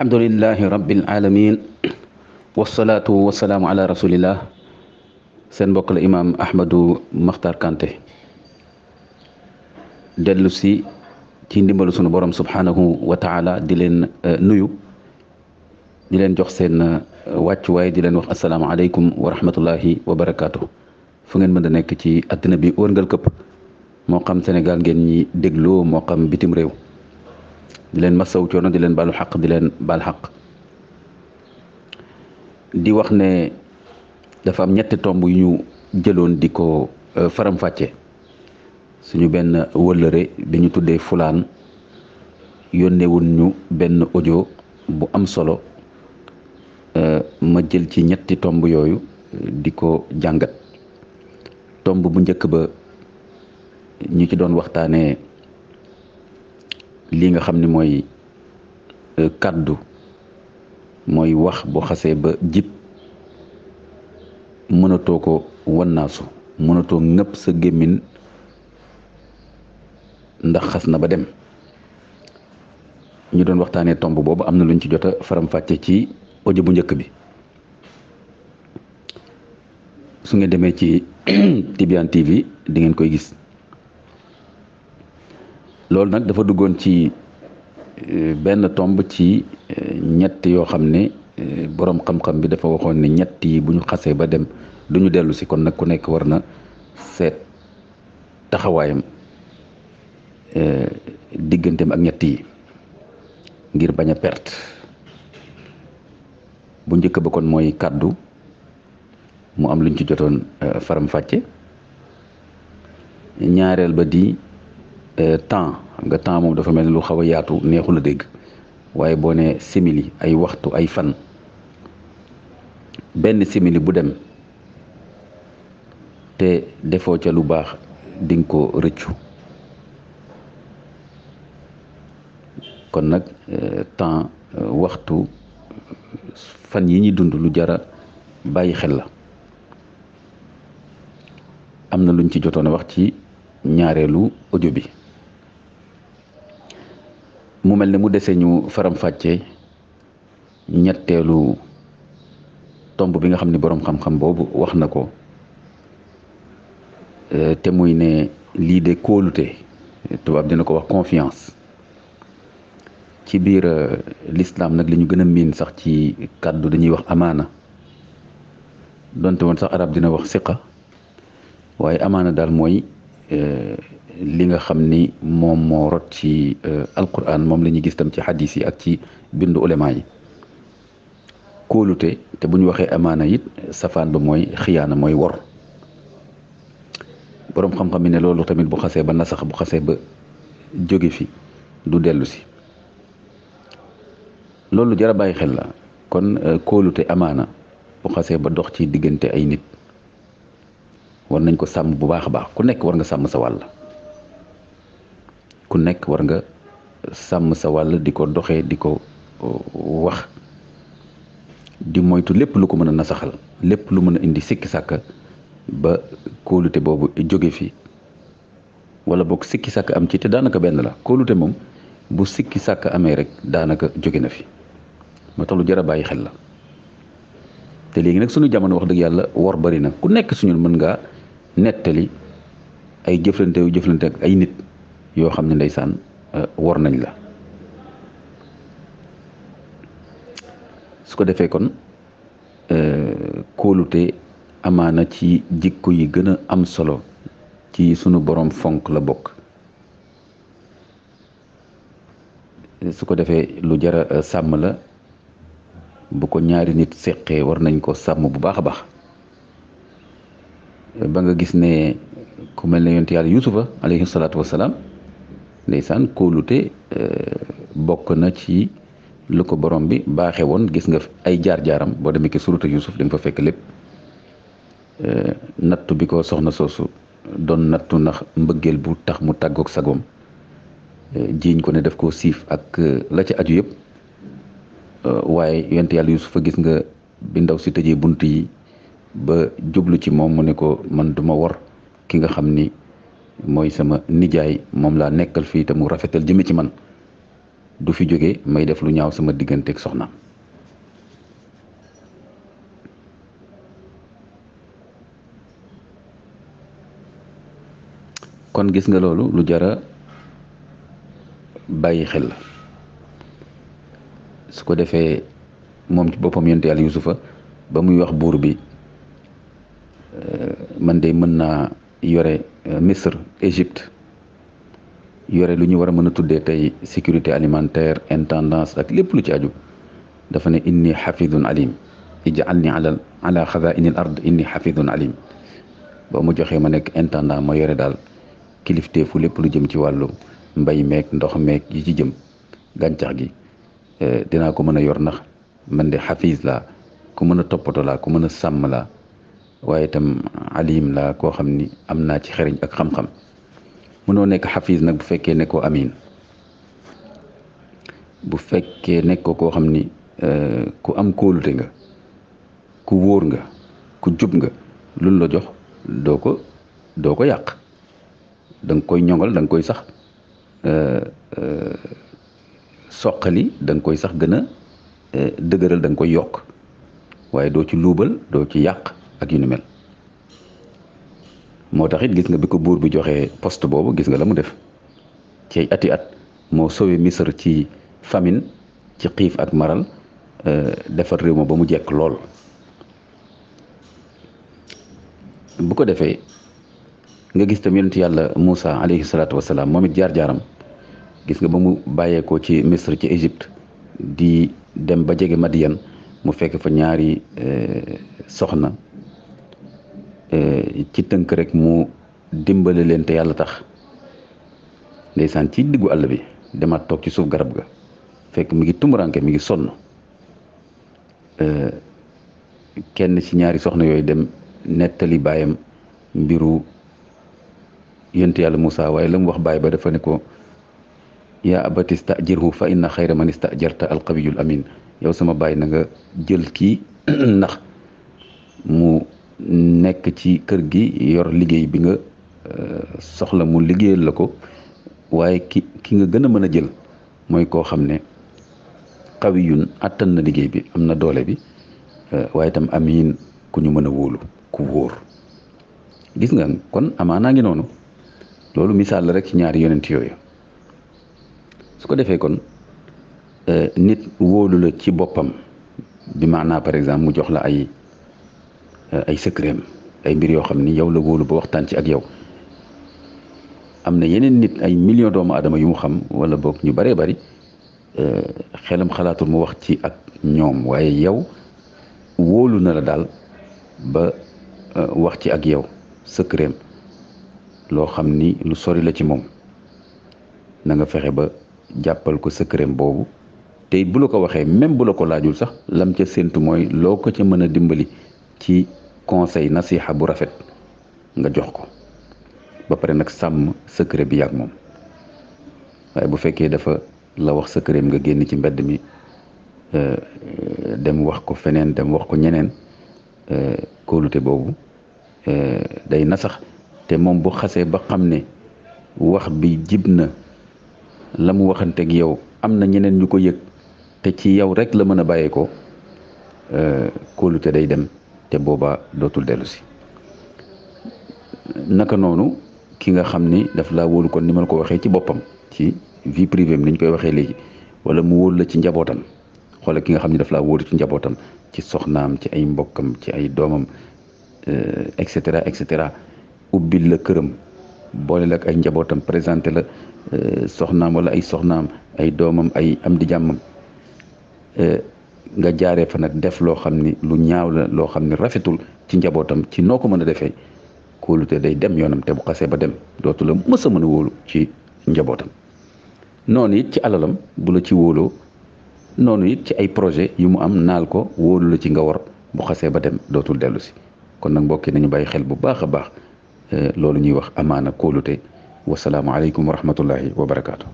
الحمد لله رب العالمين والصلاة والسلام على رسول الله سن بوك الإمام أحمد مختار كانت دلسي تي ديمبلو سونو بروم سبحانه وتعالى دلين نويو دلين جوخ سن واتي واي دلين وخ السلام عليكم ورحمه الله وبركاته فنجن من نيك تي ادنا بي اورغال كوب مو خام سنغال نغي ديغلو مو خام بيتم di leen masaw coono di leen baalu xaq di leen baal xaq di wax ne dafa am ñetti tomb yu ñu jëloon di ko euh, faram-fàcce suñu benn wëllëre bi ñu tuddee fulaan yónneewul ñu benn audio bu am solo euh, ma jël ci ñetti tomb yooyu euh, di ko jàngat tomb bu njëkk ba ñu ci doon waxtaanee li nga xam ne mooy euh, kàddu mooy wax boo xasee ba jib mënatoo ko wannaasu mënatoo ngëpp sa gémmiñ ndax xas na ba dem ñu doon waxtaanee tomb boobu am luñ ci faram-fàcce ci oje bu njëkk bi su ngeen ci Tibian TV di ngeen koy gis loolu nag dafa duggoon ci euh, benn tomb ci euh, ñett yoo xam ne euh, boroom xam-xam bi dafa waxoon ne ñett yi bu ñu xasee ba dem du ñu dellu kon nag ku nekk war na seet taxawaayam digganteem ak ñett yi ngir bañ a perte bu njëkk ba kon mooy kàddu mu am luñ ci jotoon faram fàcce ñaareel ba di Euh, temps xam nga temps moom dafa mel ne lu xaw a yaatu neexul a dégg waaye boo nee simili ay waxtu ay fan benn simili bu dem te defoo ca lu baax di ko rëccu kon nag euh, temps euh, waxtu fan yi ñuy dund lu jara bàyyi xel la am na luñ ci jotoon wax ci ñaareelu audio bi mu mel ni mu desee ñu faram-fàccee ñetteelu tomb bi nga xam ne boroom xam-xam boobu wax na ko euh, te muy ne lii de kóolute tubaab dina ko wax confiance ci biir euh, l'islam nag lañu ñu gën a miin sax ci kàddu dañuy wax amaana donte woon sax arab dina wax siqa waaye amaana daal mooy li nga xam ni moom moo rot ci euh, alquran moom la ñuy gis tam ci xadis yi ak ci bindu ulema yi kóolute te bu ñu waxee amaana it safaan ba mooy xiyaana mooy wor boroom xam-xam ne loolu tamit bu xasee ba nasax bu xasee ba jóge fi du dellusi loolu jara bàyyi xel la kon euh, kóolute amaana bu xasee ba dox ci diggante ay nit war nañ ko sàmm bu baax a baax ku nekk war nga sàmm sa wàll ku nekk war nga sàmm sa wàll di ko doxee di ko uh, wax di moytu lépp lu ko mën a nasaxal lépp lu mën a indi sikki sàkk ba kóolute boobu jóge fi wala boog sikki sàkk am ci te daanaka benn la kóolute moom bu sikki sàkk amee rek daanaka jóge na fi ma tax lu jar a bàyyi xel la te léegi nag suñu jamono wax dëgg yàlla wor bari na ku nekk suñu mën ngaa nettali ay jëflante jëflante ak ay nit yoo xam ne ndeysaan euh, war nañ la su ko defee kon euh, kóolute amaana ci jikko yi gën a am solo ci sunu borom fonk la bokk euh, su ko defee lu jara sàmm la bu ko ñaari nit seqee war nañ ko sàmm bu baax a baax ba nga gis ne ku mel ne yonent yàlla yusufa alayhi salaatu wasalaam ndeysaan kóolute euh, bokk na ci lu ko borom bi baaxe woon gis nga ay jaar-jaaram boo demee ki surata yusuf da nga fa fekk lépp euh, nattu bi ko soxna soosu doon nattu ndax mbëggeel bu tax mu tàggoog sagoom euh, jiiñ ko ne def koo siif ak la ci aju yëpp waaye yonent yàlla yusufa gis nga bi ndaw si tëjee bunt yi ba jublu ci mom mu ne ko man duma wor ki nga xam ni mooy sama nijaay moom laa nekkal fii te mu rafetal jëme ci man du fi jóge may def lu ñaaw sama digganteeg soxna kon gis nga loolu lu jara bàyyi xel la su ko defee moom ci boppam yusufa ba muy wax buur bi man de mën naa yore euh, Misr Égypte yore lu ñu war a mën a tuddee tey sécurité alimentaire intendance ak lépp lu ci aju dafa ne inni xafidun alim ij'alni ala ala xazaini al ard inni xafidun alim boo mu joxee ma nekk intendant ma yore daal kilifteefu lépp lu jëm ci wàllu mbay meek ndox meeg yi ci jëm gàncax gi euh, dinaa ko mën a yor ndax man de xafiis laa ku mën a toppatoo laa ku mën a sàmm laa waaye itam alim la koo xam ni am naa ci xeriñ ak xam-xam mënoo nekk xafiis nag bu fekkee nekkoo amin bu fekkee nekkoo koo xam ni euh, ku am kóolute nga ku wóor nga ku jub nga luñ la jox doo ko doo ko yàq danga koy ñongal danga koy sax euh, euh, soqali da nga koy sax gën a dëgëral danga koy yokk waaye doo ci luubal doo ci yàq ak yu moo tax it gis nga bi ko buur bi joxee poste boobu gis nga la mu def ci ati at moo sowe Misr ci famine ci xiif ak maral euh, defar réew ma ba mu jekk lool bu ko defee nga gis tam yonent yàlla Moussa alayhi salaatu wasalaam moom it jaar-jaaram gis nga ba mu bàyyeekoo ci Misr ci Égypte di dem ba jege Madiyan mu fekk fa ñaari euh, soxna Eh, ci tënk rek mu dimbale leen te yàlla tax ndeysaan ci diggu àll bi demaat toog ci suuf garab ga fekk mi ngi tumuraanke mi ngi sonn eh, kenn ci ñaari soxna yooyu dem nettali baayam mbiru yent yàlla Moussa waaye la mu wax baay ba dafa ne ko yaa abati stajirhu fa inna xayra man istajarta alqawiyul amin yow sama baay na jël kii ndax mu nekk ci kër gi yor liggéey bi nga euh, soxla mu liggéeyal la ko waaye ki ki nga gën a mën a jël mooy koo xam ne xawi yun àttan na liggéey bi am na doole bi euh, waaye tam am amiin ku ñu mën a wóolu ku wóor gis nga kon naa ngi noonu loolu misaal la rek ci ñaari yonent yooyu su ko defee kon euh, nit wóolu la ci boppam bi naa par exemple mu jox la ay ay secret ay mbir yoo xam ni yow la wóolu ba waxtaan ci ak yow am na yeneen nit ay million doomu adama yu mu xam wala boog ñu bëree bari euh, xelam xalaatul mu wax ci ak ñoom waaye yow wóolu na la daal ba euh, wax ci ak yow secret loo xam ni lu sori la ci moom nanga fexe ba jàppal ko secret boobu tey bu la ko waxee même bu la ko laajul sax lam ca séentu mooy loo ko ca mën a dimbali ci conseil nasiha bu rafet nga jox ko ba pare nag sàmm secret bi yàgg moom waaye bu fekkee dafa la wax secret nga génn ci mbedd mi euh, dem wax ko feneen dem wax ko ñeneen euh, kóolute boobu euh, day nasax te moom boo xasee ba xam ne wax bi jib na la mu waxanteeg yow am na ñeneen ñu ko yëg te ci yow rek la mën a bàyyee ko kóolute day dem te boobaa dootul dellu si naka noonu ki nga xam ni daf la wóolu kon ni ma ko waxee ci boppam ci vie privée mi ni ñu koy waxee léegi wala mu wóolu la ci njabootam xoolal ki nga xam ni daf laa wóolu ci njabootam ci soxnaam ci ay mbokkam ci ay doomam euh, et cetera et cetera ubbil la këram boole la ay njabootam présenté la euh, soxnaam wala ay soxnaam ay doomam ay am di jàmmam. Euh, nga jaaree fa nag def loo xam ni lu ñaaw la loo xam ni rafetul ci njabootam ci noo ko mën a defee kóolute day dem yoonam te bu xasee ba dem dootu la mës ci njabootam noonu it ci alalam bu la ci wóoloo noonu it ci ay projet yu mu am naal ko wóolu ci nga war bu xasee ba dem dootul dellu si kon nag mbokki nañu bàyyi xel bu baax a baax eh, loolu ñuy wax amaana kóolute wasalaamualeykum wa rahmatullahi wa barakaatu.